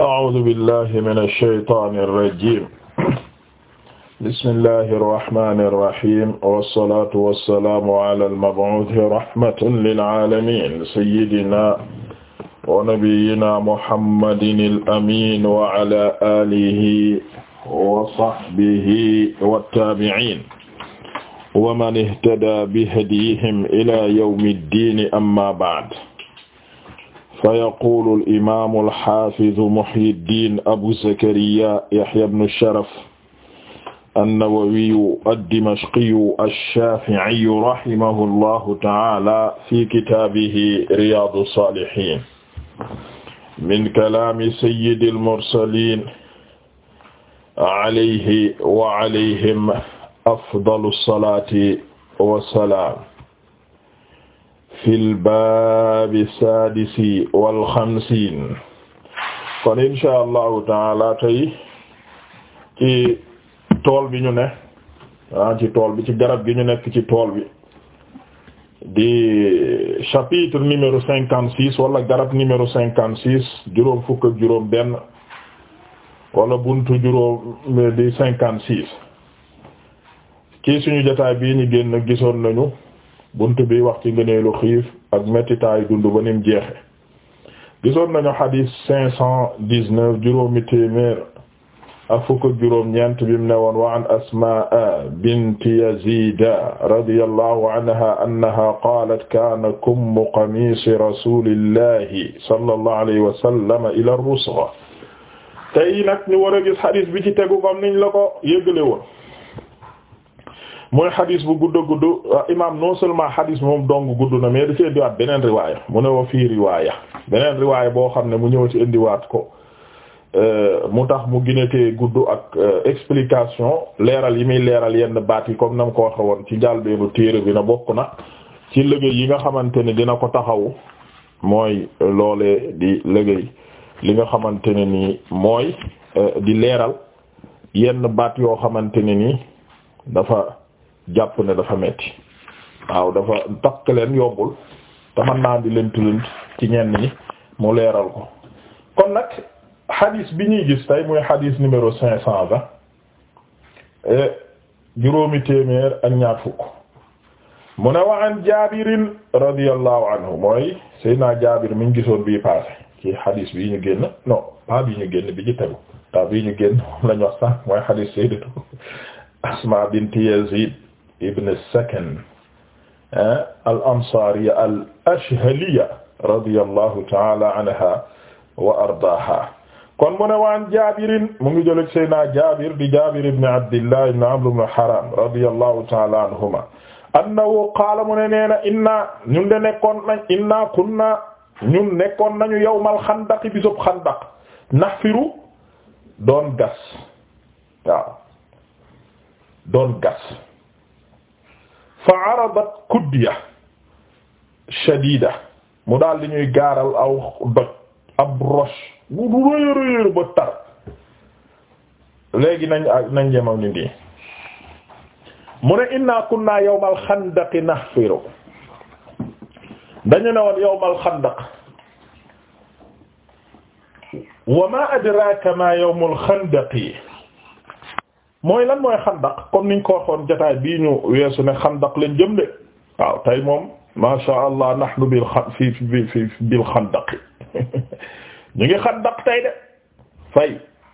أعوذ بالله من الشيطان الرجيم بسم الله الرحمن الرحيم والصلاة والسلام على المبعوث رحمة للعالمين سيدنا ونبينا محمد الأمين وعلى آله وصحبه والتابعين ومن اهتدى بهديهم إلى يوم الدين أما بعد فيقول الإمام الحافظ محي الدين أبو زكريا يحيى بن الشرف النووي الدمشقي الشافعي رحمه الله تعالى في كتابه رياض الصالحين من كلام سيد المرسلين عليه وعليهم أفضل الصلاة والسلام fil baabi saadisi wal xamsiin kon insha allahu taala tey ci tool bi ñu ne ah ci tool bi ci garab gi ñu nekk ci tool bi di chapitre numéro cinquante six wala garab numéro cinquante six juróom fukk ak juróom benn wala buntu juróom di cinquante six ci suñu jotaay bii ñu génn gisoon nañu. bunt bi wax ci ngëneelu xiif ak mettitaayu dund ba nim jeexe gisoon nañu xadiis cinq cent dix-neuf juróomi téeméer ak fukk juróom ñeent bi mu wa an asmaa binti yazid radiyallahu anha annaha qaalat kaana kummu qamiisi rasuulillahi sallallahu alayhi wa ila rusgha tey nag ñu gis xadiis bi ci tegu comme niñ la mooy xadis bu gudd gudd euh, imam non seulement bi moom dong gudd na mais da ci indiwaat beneen riwaaya mu ne wa fii riwaaya beneen riwaaya boo xam ne mu ñëw ci indiwaat ko euh, mu tax mu ginatee gudd ak euh, explication leeral yi muy leeral yenn baat yi comme nam ko waxe woon ci njàlbeenu téere bi na bokk na ci liggéey yi nga xamante ne dina ko taxaw mooy loolee di liggéey li nga xamante ne nii mooy di leeral yenn baat yoo xamante ne nii dafa jàpp ne dafa metti waaw dafa takk leen yombul te mën lënt lënt ci ñenn ñi mu leeral ko kon nag xadiis bi ñuy gis tey muy xadiis numéro cinq cent vingt eh, juróomi téeméer ak ñaar fukk mu ne wa an jaabirin radiyallahu anhu mooy Seydina jaabir mi gisoon bii passé ci xadiis bii ñu génn non pas bii ñu génn bi ci tegu ta bii ñu génn moom lañu wax sax mooy xadiis Sayyidatu Asma bint Yazid ibn Sakan eh, al-Ansaariya al-Ashhaliya radiyallahu ta'ala anha wa ardaaha kon mu ne waan Jaabirin mu ngi jël Seydina Jaabir di Jaabir ibn Abdillah ibn Amr ibn Haram radiyallahu ta'ala anhuma annahu qaala mu ne nee na inna ñun de nekkoon nañ inna kunna ñun nekkoon nañu yawmal xandaq bisub xandaq nahfiru doon gas waaw doon gas fa arabat kuddiya shadida mu daal di ñuy gaaral aw doj ab roche bu du rëy rëy rëy ba tar léegi nañ nañ jëmam ni nii mu ne inna kunna yawmal xandaqi nahfiru dañu ne woon yawmal xandaq wa ma adraka ma yawmul xandaqi mooy lan mooy xandaq kon niñ ko waxoon jotaay bii ñu weesu ne xandaq lañ jëm de waaw tey moom ma sha allah nahnu bil xa fi fi bil xandaq ñu ngi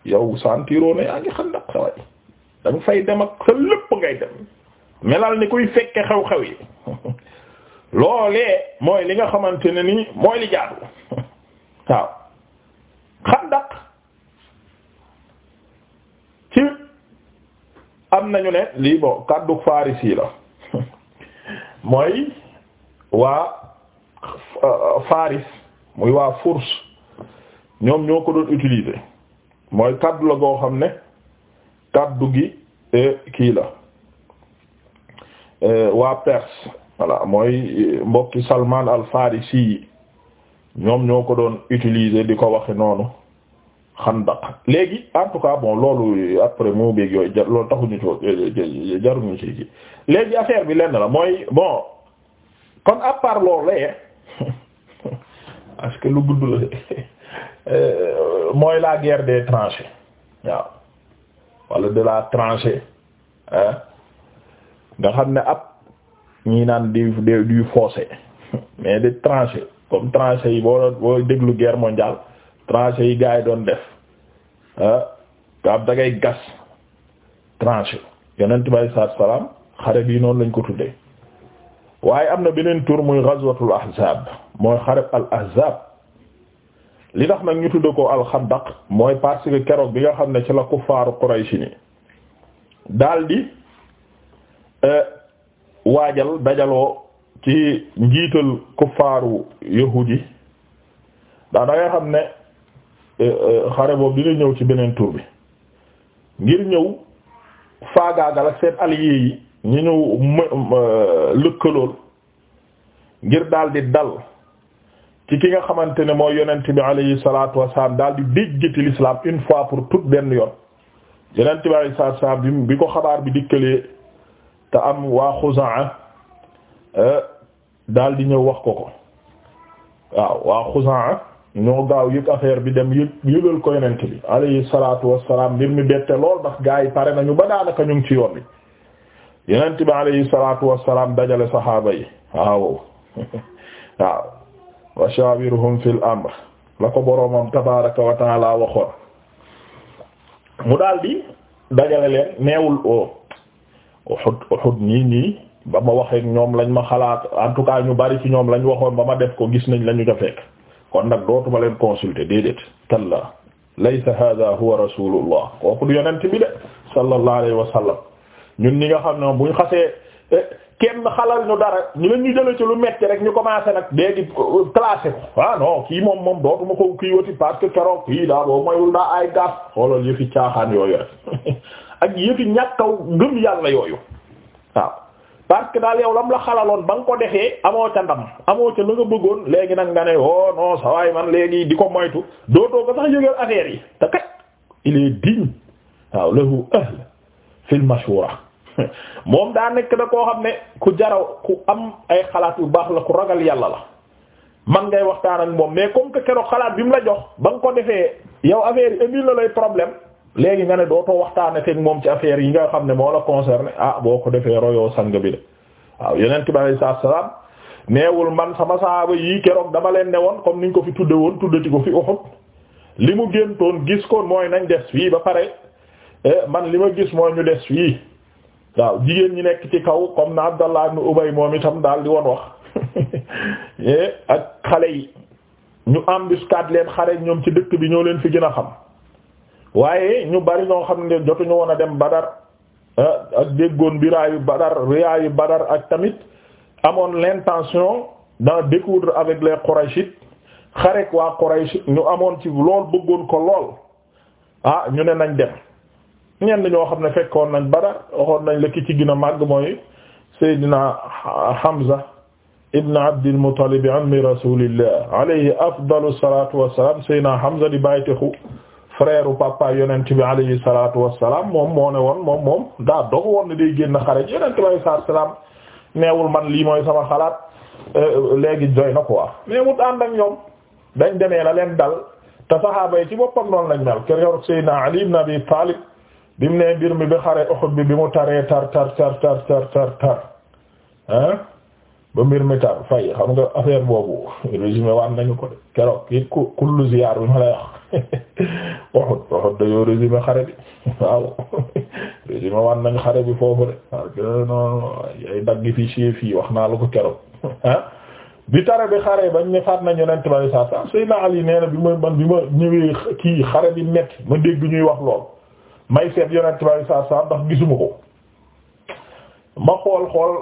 yaa ngi xandaq saway danga fay dem ak sa lépp ngay dem melal ni kuy fekke xew-xew yi loolee mooy li nga xamante ne ni mooy li jaadu waaw xandaq ci am nañu ne lii boo bon kaddu farisi la mooy waa euh, faris muy waa fours ñoom ñoo ko doon utiliser mooy kàddu la goo xam ne kàddu gi euh, kii la euh, waa Perse wala mooy mbokki Salman al Farisi yi ñoom ñoo ko doon utiliser di ko waxe noonu xam xandaq léegi en tout cas bon loolu après moo bég yooyu loolu taxuñu ci jaruñu si léegi affaire bi lenn la mooy bon kon à part loolu layee parce que lu gudd la euh, mooy la guerre des tranchées waaw wala de la tranchée nga xam ne ab ñi naan di du fossé mais de tranché comme tranchées yi boo boo déglu guerre mondiale tranchées yi gaa yi doon def ah ab da ngay gas tranchée yonent bi alayhi salaam xare bii noonu lañ ko tuddee waaye am na beneen tur muy ghazwatul ahzab mooy xareb al ahzab li tax nag ñu tudde ko alxandaq mooy parce que keroog bi nga xam ne ci la kuffaaru Quraysh ni daldi eh, waajal dajaloo ci njiital kuffaaru yahuudi daa da xam ne Eh, eh, xare boobu dina ñëw ci beneen tur bi ngir ñëw faagaagal ak seen alliés yi ñu ñëw lëkkalool ngir daal di dal ci ki nga xamante ne mooy yonent bi alayhi salaatu wasalaam daal di déjjati l'islam une fois pour toutes benn yoon yonent bi alayhi salaatu wasalaam bi ko xabaar bi dikkalee te am waa Xuzaa eh, daal di ñëw wax ko ko waaw waa Xuzaa ñoo gaaw yëg affaire bi dem yëg yëgal ko yonent bi alayhi salaatu wassalaam mbir mi bette lool ndax gaa yi pare nañu ba daanaka ñu ngi ci yoon bi yonent bi alayhi salaatu dajale saxaaba yi waaw waaw wa shawirhum fil amr la ko boroomam tabaaraka wa waxoon mu daldi dajale leen neewul oo Uhud Uhud nii nii ba ma waxee ñoom lañ ma xalaat en tout cas ñu bari ci ñoom lañ waxoon ba ma def ko gis nañ lañu ko kon nag dootuma leen consulter déedéet kalla laysa hada huwa rasulullah kooku du yonent bi de sallallahu alayhi wa sallam ñun ñi nga xam ne bu ñu xasee eh, kenn xalal ñu dara ñu leen ñu jëlee ci lu metti rek ñu commencé nag léegi euh, classé ko ah non kii moom moom dootuma ko kii wati parce que kii daa boobu mayul daa ay gaaf xoolal yëfi caaxaan yooyu rek ak yëfi ñàkkaw ngëm yàlla yooyu waaw parce que daal yow lam la xalaloon ba nga ko defee amoo ca ndam amoo ca la nga bëggoon léegi nag nga ne oh non sa waay man léegi di ko moytu dootoo ko sax yëgal affaire yi te kat il est digne waaw lahu ahl fil mashura moom daa nekk da koo xam ne ku jaraw ku am ay xalaat yu baax la ku ragal yàlla la man ngay waxtaan ak moom mais comme que keroog xalaat bi mu la jox ba nga ko defee yow affaire yi indi la lay problème léegi nga ne dootoo waxtaane teg moom ci affaire yi nga xam ne moo la concerné ah boo ko defee royoo sang bi de waaw yeneen ki bari saa salaam neewul man sama saaba yii keroog dama leen ne woon comme niñ ko fi tudde woon tuddati ko fi Uhud li mu géntoon gis koon mooy nañ des fii ba pare eh, man li ma gis mooy ñu des fii waaw jigéen ñi nekk ci kaw comme na Abdallah ibn Ubay moom itam daal di won wax eh, ak xale yi ñu embuscade leen xare ñoom ci dëkk bi ñoo leen fi gën a xam waaye ñu bari ñoo xam ne jotuñu woon a dem Badar ah, ak déggoon biraayu Badar riyaayu Badar ak tamit amoon l'intention d'en découdre avec les Qurayshites xarek waa Quraysh ñu amoon ci lool bëggoon ko lool ah ñu ne nañ dem ñenn ñoo xam ne fekkoon nañ Badar waxoon nañ la ci gën a màgg mooy Seydina Hamza ibn Abdil Muttalib ammi Rasulillah alayhi afdalu salatu wassalam Seydina Hamza di bàytexu frère papa yonent bi alayhi salaatu wassalaam moom moo ne woon moom moom daa dog woon ne day génn xare yonent bi alayhi salaatu wassalaam neewul man lii mooy sama xalaat euh, léegi doy na quoi mais mu ànd ak ñoom dañ demee la leen dal te saxaaba yi ci boppam noonu lañ mel keroog Seydina Ali ibn Abi Talib bi mu ne mbir mi bi xare Uhud bi bi mu taree tar tar tar tar tar tar ba mbir mi tar fay xam nga affaire boobu résumé waan nañu ko de keroog ki ku kullu ziyaar bi ma lay wax waxut waxut dañoo résumé xare bi waaw résumé waan nañu xare bi foofu de parce yi wax naa la ko keroog ah bi tare bi xare bañ ne faat nañu yonent bi saa saa Seydina Ali nee na bi ma man bi ma ñëwee kii xare bi metti ma dégg ñuy wax lool may seet yonent bi saa saa ndax gisuma ko ma xool xool.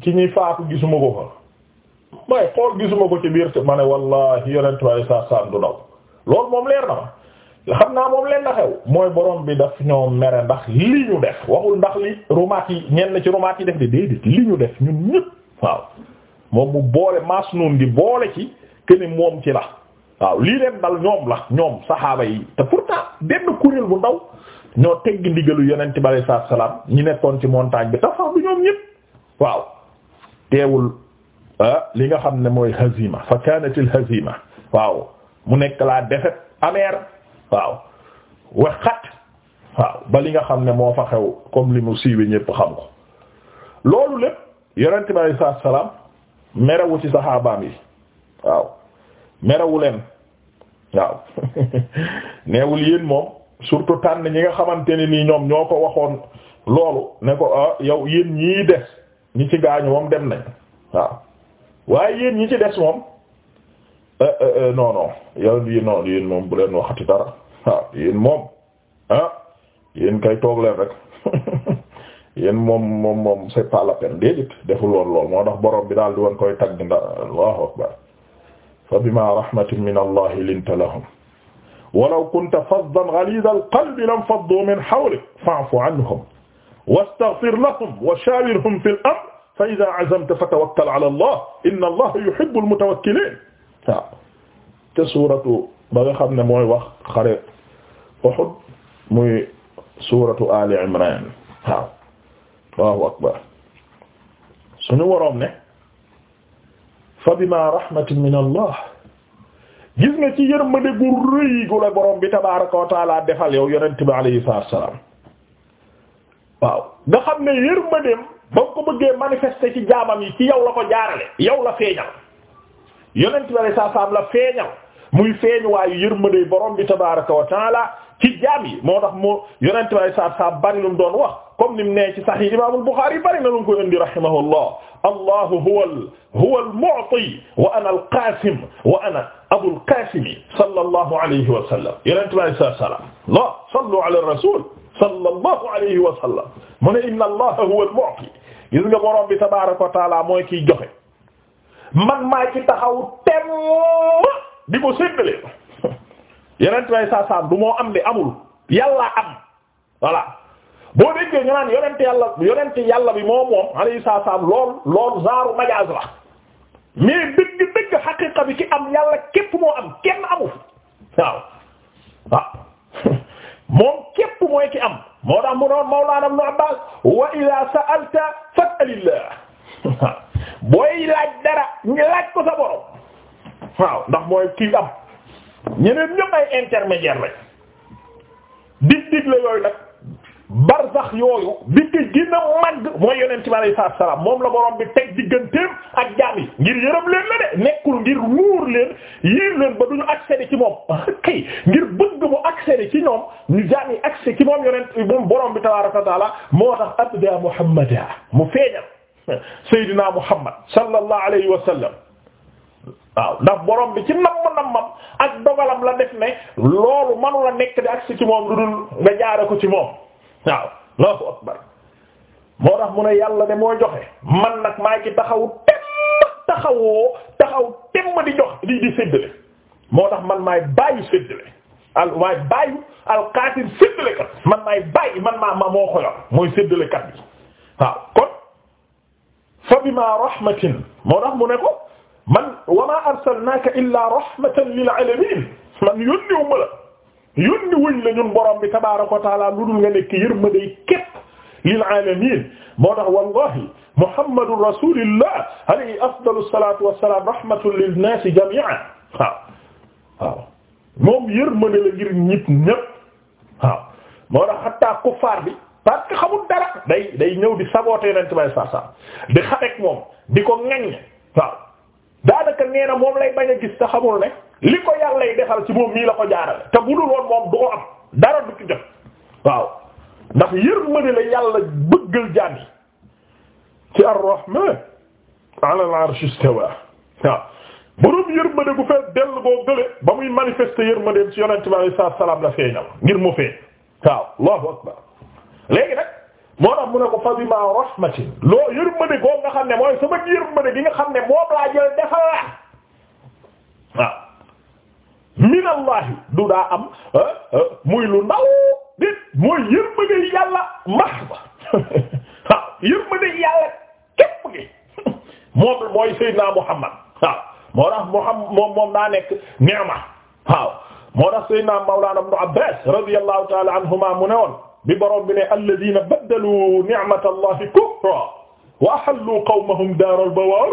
ci ñi faatu gisuma ko fa may xool gisuma ko ci biir te ma ne wallahi yonent saa saa du ndaw loolu moom xam naa mooy borom bi daf ñoo mere ndax li ñu ndax rumaat yi ñenn ci rumaat yi def li ñu def ñun ñëpp waaw moom mu boole ci këni moom la waaw lii leen dal la ñoom saxaaba yi te bu ndaw ñoo tegg ndigalu yonent bi alayhi salaam ñi nekkoon ci montagne bi tax sax ñoom ñëpp waaw teewul ah, li nga xam ne mooy hazima fa kanat al hazima waaw mu nekk la défaite amère waaw waxat waaw ba li nga xam ne moo fa xew comme li mu siiwee ñépp xam ko loolu lépp yonent bi alayhi salaam merewu ci saxaabaam yi waaw merewu leen waaw neewul yéen moom surtout tànn ñi nga xamante ne nii ñoom ñoo ko waxoon loolu ne ko ah, yow yéen ñii des ñi ci gaañu moom dem nañ waaw waaye yéen ci des moom euh, euh, euh, non non yow yéen non yéen moom bu leen waxati dara waaw yéen moom ah kay toog leen rek yéen moom moom moom c'est pas la peine déedéet deful woon lool moo tax borom bi daal di woon koy tagg ndax allahu akbar fa bima rahmatin min allah linta lahum walaw kunta faddan ghaliza alqalbi lam faddu min hawlik fa'fu anhum wastaghfir lahum wa shawirhum fil amr fa idha azamta fatawakkal ala allah inna allah yuhibbul mutawakkilin waaw te suuratu ba nga xam ne mooy wax xare Uhud muy suuratu Ali Imran waaw Allahu akbar suñu waroom ne fa bima rahmatin min allah gis nga ci yërmande gu rëy gu la borom bi tabaaraka wa taala defal yow yonent bi alayhi salaam waaw nga xam ne yërmandeem ba nga ko bëggee manifester ci jaamam yi ci yow la ko jaarale yow la feeñal yonent bi saa saam la feeñal muy feeñ waayu yërmande borom bi tabaaraka wa taala ci jaam yi moo tax moo yonent bi saa saam bari lu mu doon wax comme ni mu nee ci Sahih Imaam al-Bukhari bari na lu mu ko indi rahimahullah Allahu huwal huwal mu'ti wa ana al-qaasim wa ana abul qaasim sallallahu alayhi wa sallam yonent bi sallallahu alayhi wa sallam mu ne inna allaha huwa al-mu'ti nga borom bi tabaaraka wa mooy kiy joxe man maa ci taxaw temm di ko séddale yonent way saa du moo am de amul yàllaa am voilà boo déggee ñu naan yonent yàlla yonent yàlla bi moom moom alayhi saa saam lool lool zaaru majaaz la mais xaqiiqa bi ki am yàlla képp moo am kenn amul moom képp mooy ki am moo tax mu noon Mawlana Ibn Abbas wa ida sa'alta fas'alillah booy laaj dara laaj ko sa borom waaw ndax mooy kii am ñeneen ñëpp ay intermédiaire lañ dig dig la yooyu nag barzax yooyu bi ci gën a màgg mooy yonent bi alayhi salaatu salaam moom la borom bi teg digganteem ak jaam yi ngir yërëm leen la de nekkul ngir muur leen yiir leen ba duñu accéder ci moom ah, kay ngir bëgg mu accéder ci ñoom ñu jaam yi accès ci moom yonent moom borom bi tabaaraka wa moo tax abda muhammada mu feeñal seydina muhammad sallallahu alayhi wa sallam waaw ndax borom bi ci namm nammam ak dogalam la def ne loolu manu la nekk di accès ci moom lu dul ko ci moom waaw Allahu akbar moo tax mu ne yàlla de moo joxe man nag maa ngi taxaw temm taxawoo taxaw temm di jox di di séddale moo tax man maay bàyyi séddale al waaye bàyyi alqaatil séddale kat man maay bàyyi man maa ma moo xoyal mooy séddale kat bi waaw kon fa bima rahmatin moo tax mu ne ko man wa ma arsalnaaka illaa rahmatan lil alamin man yónniwu ma la yónni wuñ la borom bi tabaaraka wa taala lu dul nga nekk yërmande képp lil aalamiin moo tax wallahi muhammadu rasulillah alayhi afdalu salaatu wa salaam rahmatun lin naasi waaw waaw moom yërmande la ngir ñëpp ñëpp waaw moo tax xatta kuffaar bi parce xamul dara day day ñëw di saboter yonent bay saa saa di xareek moom di ko ŋaññ waaw daanaka nee na moom lay bañ a gis te xamul ne li ko yàlla yi defal ci moom mii la ko jaarale te bu dul moom du ko am dara du ci jot waaw ndax yërmande la yàlla bëggal jaam yi ci ar-rahman ala al-arsh istawa waaw borom yërmande bu fee dell boo gële ba muy manifester yërmandeem ci yonent bi alayhi salaatu salaam la feeñal ngir mu feeñ waaw allahu akbar léegi nag moo tax mu ne ko fabima rahmatin loo yërmande goo nga xam ne mooy sama yërmande gi nga xam ne moom laa jël defal la waaw minallahi du daa am euh, euh, muy lu ndaw dit mooy yërmande yàlla max ba waaw yërmande yàlla képp gi moom mooy Seydina Muhammad waaw moo tax Muhammad moom moom daa nekk ni'ma waaw moo tax Seydina Mawlana Ibn Abbas radiyallahu ta'ala anhuma mu ne woon bi borom bi ne alladhina baddalu ni'matallahi kufran wa ahallu qawmahum daral bawar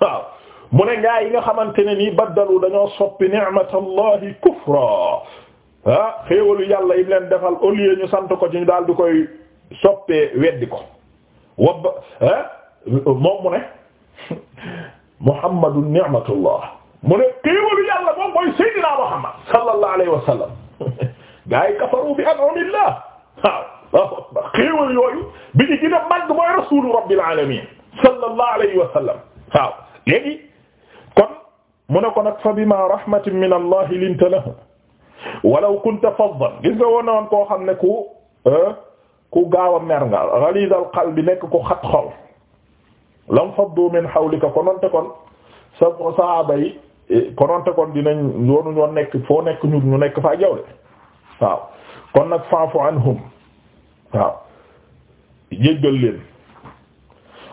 waaw mu ne gaa yi nga xamante ne nii baddalu dañoo soppi ni'matallahi kufra ah xéewalu yàlla yi mu leen defal au lieu ñu sant ko ci ñu daal di koy soppee weddi ko wab ah moom mu ne Muhammadu ni'matullah mu ne xéewalu yàlla moom mooy Seydina Muhammad sallallahu alayhi wa sallam gaa yi kafaru bi an'amillah waaw waaw xéewal yooyu bi ñu gën a màgg mooy rasulu rabbil alamin sallallahu alayhi wa sallam waaw léegi kon mu ne ko nag fa bima rahmatin min allah linta lahum walaw kunta faddan gis nga woon na woon koo xam ne ku euh, gaaw a mer nga ghaliz al nekk ku xat xol lam faddu min hawlika kononte kon sa sahaaba yi eh, kononte kon dinañ yoonu ñoo nekk foo nekk ñu ñu nekk faa jawle waaw kon nag fa'fu anhum waaw jéggal leen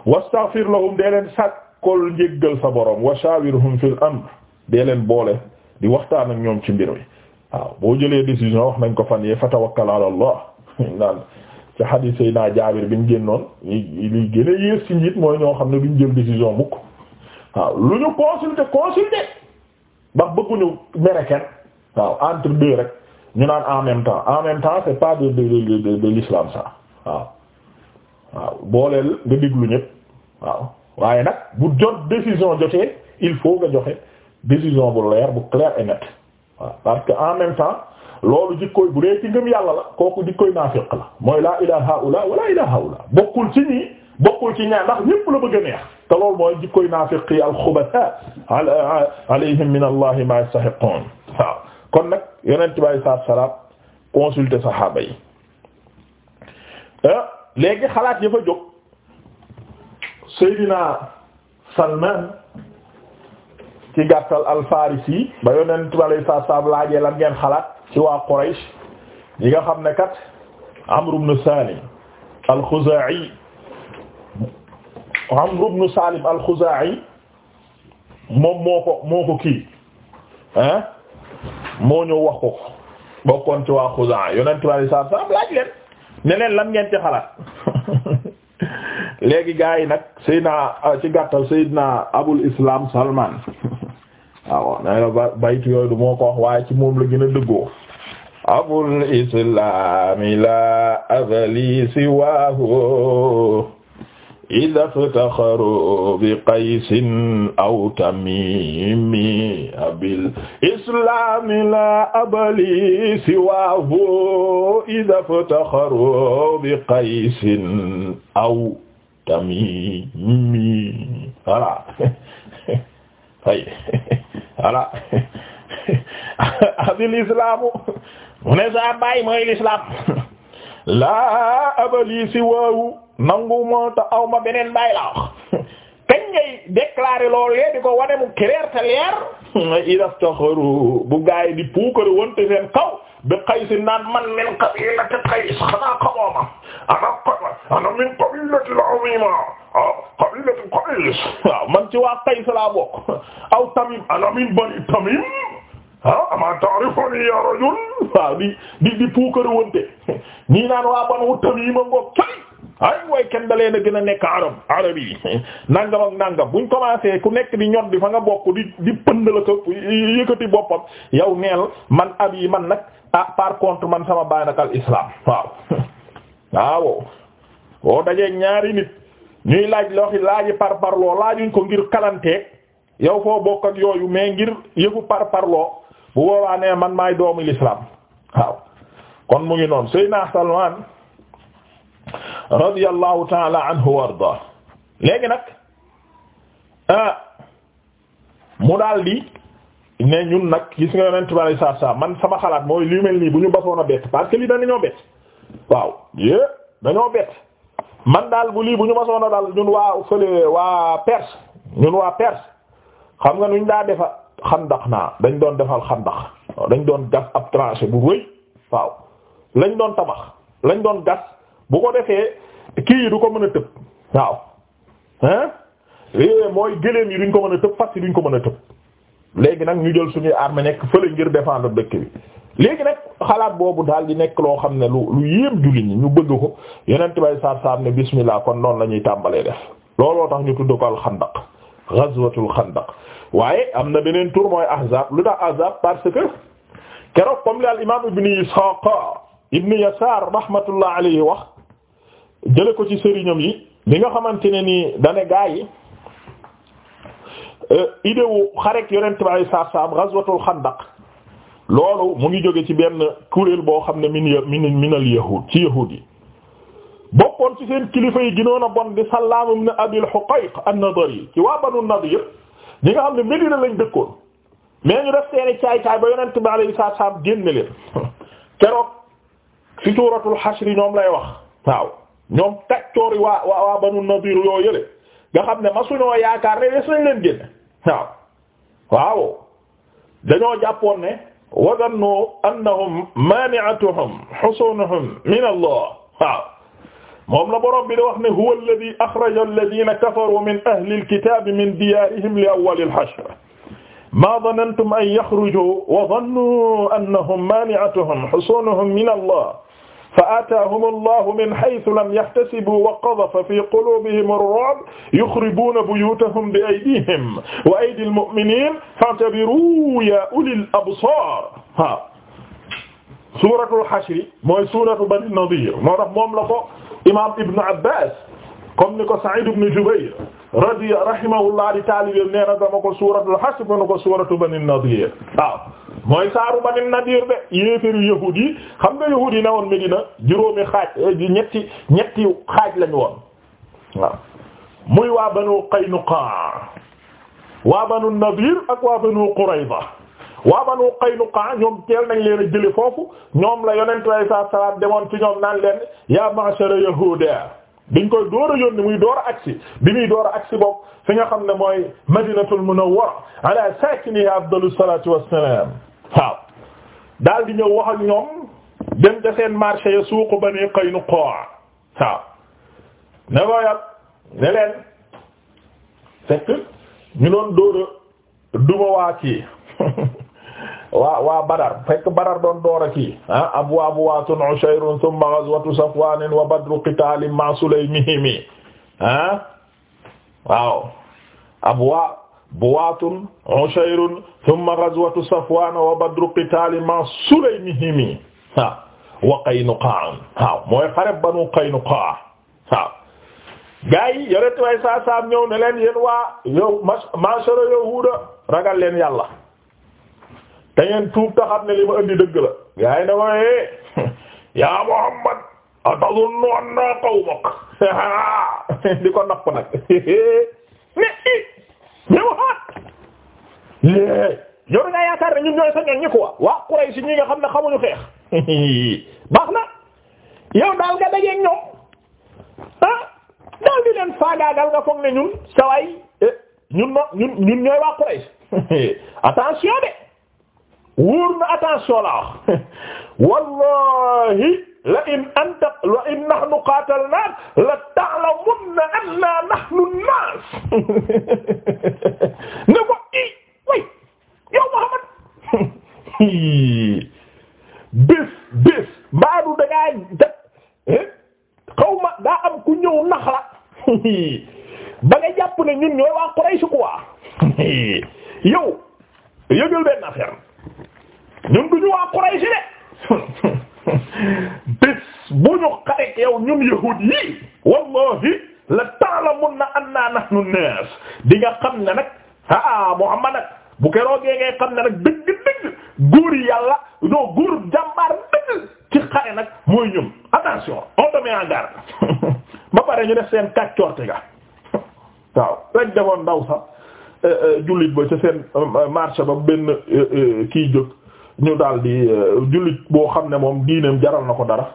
wastaghfir lahum dee sàkkol njéggal sa boroom wa shawirhum fil amr dee leen boole di waxtaan ak ñoom ci mbir mi waaw boo jëlee décision wax nañ ko fan yee fa tawakkal ala naan ci hadith sayna jaabir bi ñu génnoon li gën a yées ci njiit mooy ñoo xam ne duñ jël décision mukk waaw lu ñu consulter consulter ndax bëgguñu mere waaw entre deux rek ñu naan en même temps en même temps c'est pas de de de de l'islam ça waaw waaw booleel nga déglu ñépp waaw waaye nag bu jot décision jotee il faut nga joxe décision bu leer bu clair et net waaw parce que en même temps loolu jikkooy bu dee ci ngëm yàlla la kooku jikkooy naafiq la mooy laa ilaha ula wala ilaha ula bokkul ci nii bokkul ci ñaar ndax ñépp la bëgg a neex te loolu mooy jikkooy naafiq yi alxubata alayhim min ma yastahiqun kon nag yonent bi alei salatua salam consulter sahaaba yi ah, léegi xalaat ya fa jóg Seydina Salman ci gàttal al-Farisi ba yonent bi alayhi salaatu salaam laajee lan ngeen xalaat ci waa Quraysh yi nga xam ne kat Amr ibn Salim al-Khuzaa'i Amr ibn Salim al-Khuzaa'i moom moo ko moo ko kii ah moo ñëw wax ko bokkoon ci waa Xuzaa yonent bi alayhi salaatu salaam laaj leen ne leen lan ngeen ci xalaat léegi gars yi nag Seydina ah, ci gàttal Salman ah, waaw nee na ba baytu yooyu du ci moom la a dëggoo Abul Islam la abali siwaahu ida ftaxaru bi aw tamimi abil islami la abali siwaahu ida ftaxaru bi aw tami mi voilà ay voilà asil islaamu ne saa bàyyi mooy lislaam laa abali si waawu nangu moo ta aw beneen bàyyi la wax kañ ngay déclarer loolu ko wane mu clair te leer idaf taxaru bu gaay di puukare wonte seen kaw bi xay si naan man min qabilati qays xanaa xamooma ana ana min qabilatil azima ah qabilatil Qays waaw ah, man ci waa Qays laa bokk aw Tamim ana min bani Tamim ah ama ta'rifuni ya rajul waaw ah, di di di puukar wonte ñii naan waa banu Tamim a ngoog ay way kenn da leen a gën a nekk arab arab yi nangam ak nangam buñ commencé ku nekk di ñot di fa nga bokk di di pënd la ko yëkkati boppam yow neel man ab yi man nag ah par contre man sama baay nag al islam waaw waaw boo dajee ñaari nit ñuy laaj loo xam laaji par parloo laajuñ ko ngir kalanteeg yow foo bokk ak yooyu mais ngir yëfu par parloo bu boobaa nee man maay doomu l'islam waaw kon mu ngi noonu Seydina Salman radiyallahu taala anhu wa ardaa léegi nag ah, mu daal di ne ñun nag gis nga yonent bi sallallahu alayhi wasallam man sama xalaat mooy li mel nii bu ñu basoon a bett parce que li dañu ñoo bett. waaw yé dañoo bett man daal bu lii bu ñu masoon a daal ñun waa fële waa Perse ñun waa Perse xam nga nuñ daa defa xandax naa dañ doon defal xandax dañ doon gas ab tranchée bu rëy waaw lañ doon tabax lañ doon gas bu ko defee kii yi du ko mën a tëb waaw hein mooy gëléem yi duñ ko mën a tëb fas yi duñ ko mën a tëb léegi nag ñu jël suñuy arme nekk fële ngir défendre dëkk bi léegi nag xalaat boobu daal di nekk loo xam ne lu lu yéem julli ñi ñu bëgg ko yeneen bay saab saab ne bismillah kon noonu la ñuy tàmbalee def looloo tax ñu tudd ko alxandaq ghazwatul xandaq waaye am na beneen tur mooy ahzab lu tax ahzab parce que keroog comme li al imaam ibn Ishaq ibn Yasaar rahmatullah alayhi wax jële ko ci sëriñam yi li nga xamante ne nii dane gaa yi euh, idée wu xarek yonent bay saab saab ghazwatul xandaq loolu mu ngi jóge ci benn kuréel boo xam ne mi min minal yahud ci yahud bokkoon ci seen kilifa yi ginoon a bon di Sallaam ibn Abil Huqayq an-Nadari ci waa Banu Nadir ñi nga xam ne Medina lañ dëkkoon mais ñu def seeni caay-caay ba yonent bi alayhi salaam génn leen keroog ci suuratul Hashr ñoom lay wax waaw ñoom tàccoor yi waa Banu Nadir yoo yële nga xam ne masuñoo yaakaar ne des nañ leen génn waaw waaw dañoo jàppoon wa zannu annahum maani'atuhum husunuhum min Allah waaw moom la borom bi da wax ne huwa alladhi akhraja alladhina kafaru min ahli alkitabi min diyarihim li awwali alhashr ma dhanantum an yakhruju wa zannu annahum maani'atuhum husunuhum min Allah fa ataahum allahu min haysu lam yahtasibuu wa qadafa fi quluubihim ar-ru'b yuxribuuna buyuutahum bi aydihim wa aydi al-mu'miniin fa'tabiruu yaa ulil absaar waaw suuratul Hashr mooy suuratu Banii Nadiir moo tax moom la ko imaam Ibn Abbaas comme ni ko Sa'iid ibn Jubayr radiya rahimahullah di taalibeem nee na dama ko suuratul Hashr mu ne ko suuratu Banii Nadiir waaw mooy saaru Bani Nadir de yéeféru yahuud yi xam nga yahuud yi ne woon Medina juróomi xaaj eh, ñetti ñetti xaaj lañu woon waaw muy waa Banu Qaynuqa waa Banu Nadir ak waa Banu Qurayza waa Banu Qaynuqa ñoom teel nañ leen a jële foofu ñoom la yonent bi sa alayhi wasallam demoon ci ñoom naan leen yaa ma'shara yahuuda biñ koy door a yónni muy door a agsi bi muy door a agsi bopp fi nga xam ne mooy madinatul munawwara ala sakiniha afdalus salatu wassalam waaw daal di ñëw wax ak ñoom dem de seen marché ya suuqu bani Qaynuqa waaw ne ko yàpp ne leen fekk ñu doon dóora duma waa waa waa Badar fekk Badar doon door a kii ah abwaabu waatun ushayrun thumma ghazwatu wa badru qitaalin ma sulaymihimi ah waaw abwaa buwaatun ushayrun safwan wa badru qitaalin ma sulaymihimi wa Qaynuqaa waaw mooy xare banu Qaynuqaa waaw gaa yi yore tuwaay saa saa ñëw ne leen yéen waa yow mashara yahuuda ragal leen yàlla te ngeen tuub ta xam ne li ma indi dëgg la yaa na ne ma eh yaa Muhammad atazunnu anna qawmak di ko napp nag ne i ñi Muhammad lée yoru nga yaakaar ne ñun ñooy ñi nga xam ne xamuñu xeex baax na yow daal nga dajeeg ñoom ah, daal di leen faagaagal nga foog ne ñun saway eh, ñun no ñun ñun ñooy waa Quraysh attention de wóor na attention la wax wallahi la in anta la in nahnu qatalnaak la ta'lamunna anna nahnu an-nas ne ko i way yow Muhammad bés bés mbaadu da ngaa jag eh? xawma daa am ku ñëw nax la ba nga jàpp ne ñun ñooy waa Quraysh quoi yow yëgal benn affaire du ñu waa Quraysh de bés bu ñu xareek yow ñun yahuud yi wallahi la ta'lamunna anna nahnu an-nas di nga xam ne nag ah Muhammad nag bu keroogee ngay xam ne nag dëgg dëgg góor yàlla ñoo góor jàmbaar dëgg ci xare nag mooy ñun attention on te en garde ba pare ñu def seen kàccoorte ga waaw lañ defoon ndaw sax eh, eh, jullit ba ca seen euh, euh, marché ba benn euh, kii jóg ñu daal di euh, jullit boo xam ne moom diineem jaral na ko dara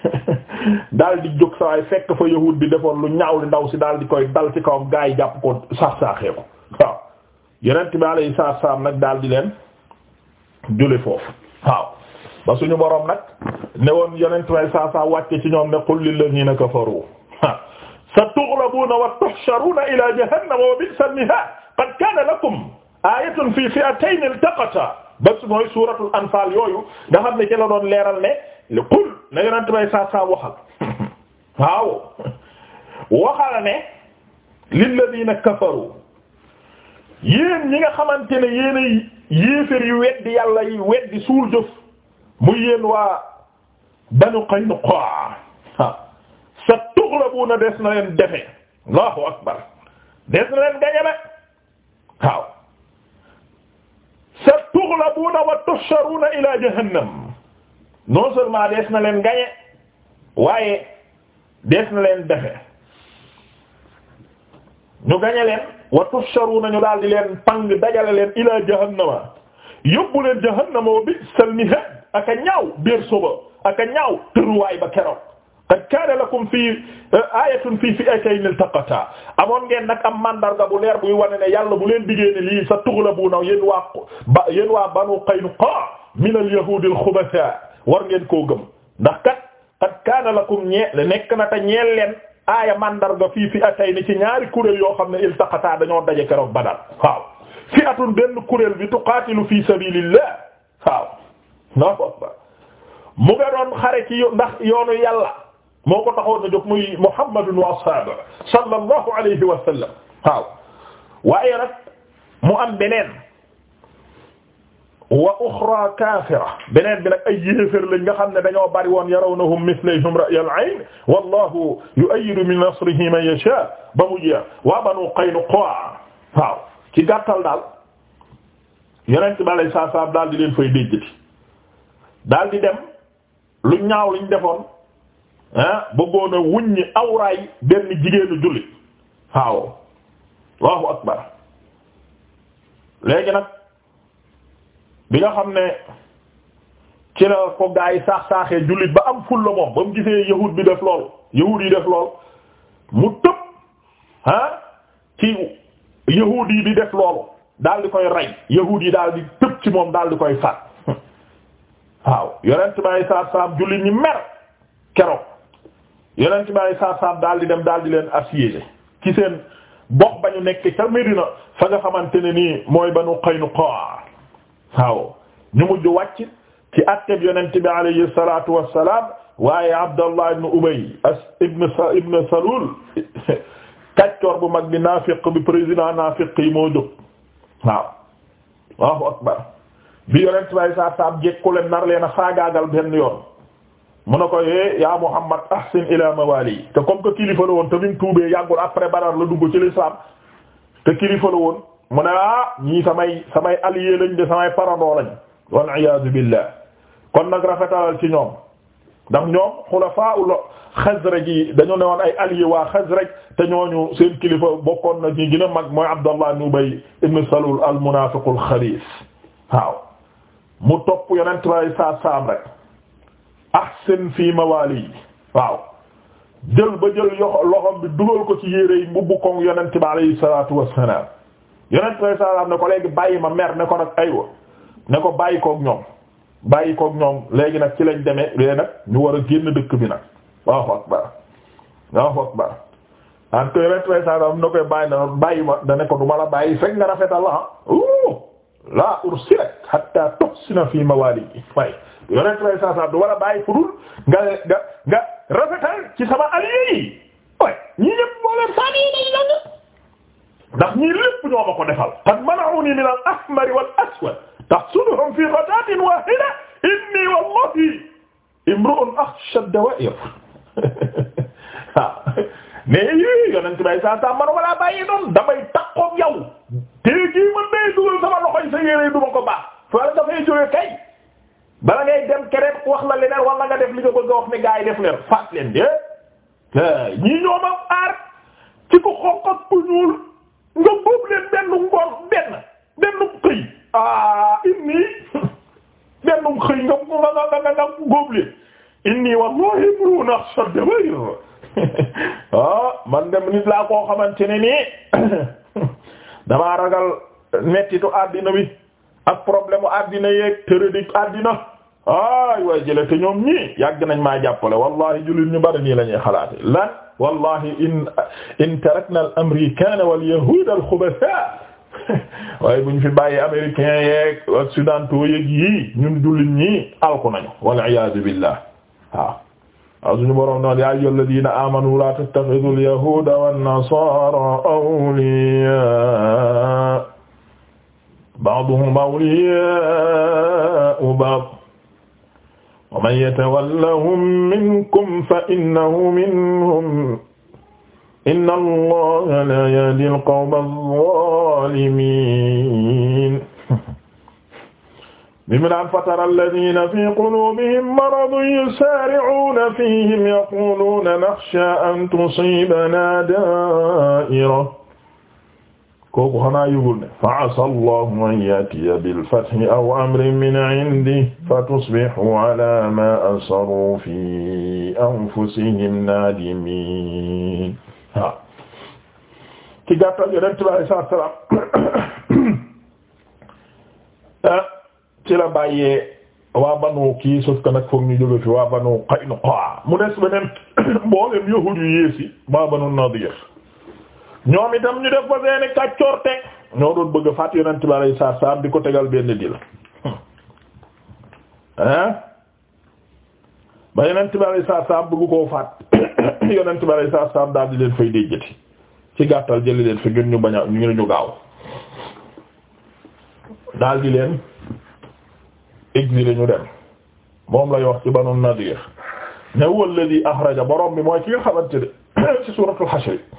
daldi di jóg sawaay fekk fa yahut bi defoon lu ñaaw ndaw si daal di koy dal ci kawam gaa yi jàpp ko saax-saaxee ko waaw yeneen bi alayhi salaatu salaam nag daal leen jule foofu ba suñu boroom nag ne woon yonent way saa saa wàcce ci ñoom ne qul lillazina kafaru sa tughlabuna wa tuhsharuna ila jahannama wa bi'sa al qad kaana lakum ayatun fi fi'atayn iltaqata ba mooy suuratul anfaal yooyu nga xam ne ci doon leeral ne li qul na bay saa saa waxal waaw waxal ne lilladiina kafaru yéen ñi nga xamante ne yéen ay yu weddi yàlla yi weddi suul jëf mu yéen waa banu Qaynuqaa sa tughlabuuna des na defe allahu akbar des na leen gañe waaw tughlabuuna wa tuhsharuuna ila jahannam non seulement dees na leen gañe waaye dees na leen defe ñu gañe leen wa tuhsharuuna ñu daal di leen pang dajale leen ila jahannama yóbbu leen jahannama wa bi'sal mihaad aka ñaaw biir suba aka ñaaw tëruwaay ba keroog qad kaana lakum fii eh, aayatun fii fi'atayni iltaqataa amoon ngeen nag am mandarga bu leer buy wane ne yàlla bu leen diggee ne lii sa tughlabuuna yéen waa ba yéen waa banu qaynuqaa min al-yahuudi al-xubasaa war ngeen koo gëm ndax kat qad kaana lakum ñee nekk na te ñeel leen aaya mandarga fii fi'atayni ci ñaari kuréel yoo xam ne iltaqataa dañoo daje keroog Badar waaw fi'atun benn kuréel bi tuqaatilu fii sabiilillah waaw mu nga doon xare ci ndax yoonu yàlla moo ko taxoon na jóg muy Muhammadun wa ashaabuhu sallallahu alayhi wa sallam waaw waaye nag mu am beneen wa uxra kaafira beneen bi nag ay yéefér lañ nga xam ne dañoo bari woon yarawnahum misleyhum ra'yal ayn wallahu yu'ayyidu bi nasrihi man yashaa ba mu jeex waa Banu Qaynuqaa waaw ci gàttal daal yonent bi alayhi salaam daal di leen fay déjjati daal di dem lu ñaaw liñ defoon ah bëggoon a wuññi awraay benn jigéenu jullit waaw Allahu akbar léegi nag bi nga xam ne ci la ko gaa yi saax saaxee jullit ba am ful la moom ba mu gisee yahud bi def lool yahud yi def lool mu tëb ah ci yahud yi di def loolu daal di koy rey yahud yi daal di tëb ci moom daal di koy faat waaw yonent bi sallallahu alayhi jullit ñi mer keroog. yeneen ci bàyyi saa saam daal di dem daal di leen assiéger ci seen bopp ba ñu nekk ca Medina fa nga xamante ne nii mooy Banu Qaynuqa waaw ñu mujj wàcc ci àtteb yonent bi alayhi salaatu wa salaam waaye Abdallah ibn Ubay as ibn sa ibn bu mag bi naafiq bi président naafiq yi moo jóg waaw Allahu akbar bi yonent bi saa saam jekku leen nar leen a faagaagal yoon. mu ne ko yee eh, yaa Muhammad ahsin ila mawali te comme que kilifa la woon te bi mu tuubee yàggul après la dugg ci l'islam te kilifa la woon mu ne ah ñii samay samay alliés lañ de samay parandoo lañ wal iyaazu billah kon nag rafetalal ci ñoom ndax ñoom xulafaa'ul Xasraj yi dañu ne woon ay alliés waa Xasraj te ñooñu seen kilifa bokkoon na ji gën mag mooy Abdallah ibn Ubay ibn Salul al munaafiqul xabiis waaw mu topp yeneen tubaab yi saam rek. ahsin fii mawaali yi waaw jël ba jël yoxo loxom bi dugal ko ci yére yi mbubbu koŋ yonent bi alayhi salaatu wassalaam yonent bi alayhi salaam ne ko léegi bàyyi ma mer ne ko nag aywa ne ko bàyyi koog ñoom bàyyi koog ñoom léegi nag ci lañ demee léegi nag ñu war a génn dëkk bi nag waaw akbar waaw akbar en tout yonent bi salaam ne koy bàyyi na bàyyi ma da ko du la bàyyi fekk nga rafetal ah. la ah la ursilak hatta tuhsina fii mawaali yonent lay saa saa du war a bàyyi fudul nga nga nga rafetal ci sama alliés yi waaye ñii ñëpp moo leen sànni yi dañu la ndax ñii lépp ñoo ma ko defal qad mana'uni min al-ahmar wal aswad tahsuduhum fi ghadatin wahida inni wallahi imru'un akhsha ad-dawa'ir ah. mais yii yonent bay saa saa man wala bàyyi noonu damay takkoog yow te gii man day dugal sama loxoy sa yére duma ko baax fa dafay jóge kay bala ngay dem keneen wax na leneen wala nga def li nga bëgg a wax ne gaa yi def leen faat leen de ñii ñoo ma aar ci ko xonq ak ku ñuul nga góob leen benn ngor benn benn xëy ah inni benn xëy nga nga nga nga góob leen inni wallahi imru'un akhsha dabayr ah man dem nit laa koo xamante ni nii damaa ragal mettitu àddina wi ak problème mu àddina yeeg tërëdik àddina. ay way jële te ñoom ñii yàgg nañ maa jàppale wallahi jullit ñu bari nii la ñuy xalaate lan wallahi in in tarakna al amricana walyahud alxubasa waaye buñ fi bàyyi américain yeeg occidentaux yeeg yii ñun jullit ñii alku nañu waliyasu billah waaw waaw suñu boroom noon yaa ayyuha alladina amanu la tattaxidu alyahuda wannasara awliya ba'duhum awliya'u ba'd wa man yatawallahum minkum fa innahu minhum inna allaha la yahdi al-qawma az-zalimin bi mu naan fatara alladhina fi qulubihim maradun yusari'una fihim yaquluna nakhsha an tusibana da'ira kooku xanaa yëgul ne fa asaa allahu an yatiya bilfathi aw amrin min indi fa tusbihu ala ma asarru fi anfusihim naadimin waaw ci gàttal yonent bi alei salaatu salaam ah, ci la bàyyee waa banu kii sauf que nag foog ñu jóge fi waa banu Qaynuqa mu des beneen mboolem yahuud yu yées yi waa banu Nadiir ñoom itam ñu def ba seeni kàccoorte ñoo doon bëgg a faat yonent bi alayhi salaam di ko tegal benn dil hein ba yonent bi alayhi salaam bëgg koo faat yonent bi alayhi salaam daal di leen fa déjjati ci gàttal jëli leen fi ngir ñu bañ a ngi ñu gaaw daal di leen exilé ñu dem moom lay wax ci Banu Nadir ne huwa alladhi akhraja borom bi mooy ki nga xamante ne ci suuratul Hashr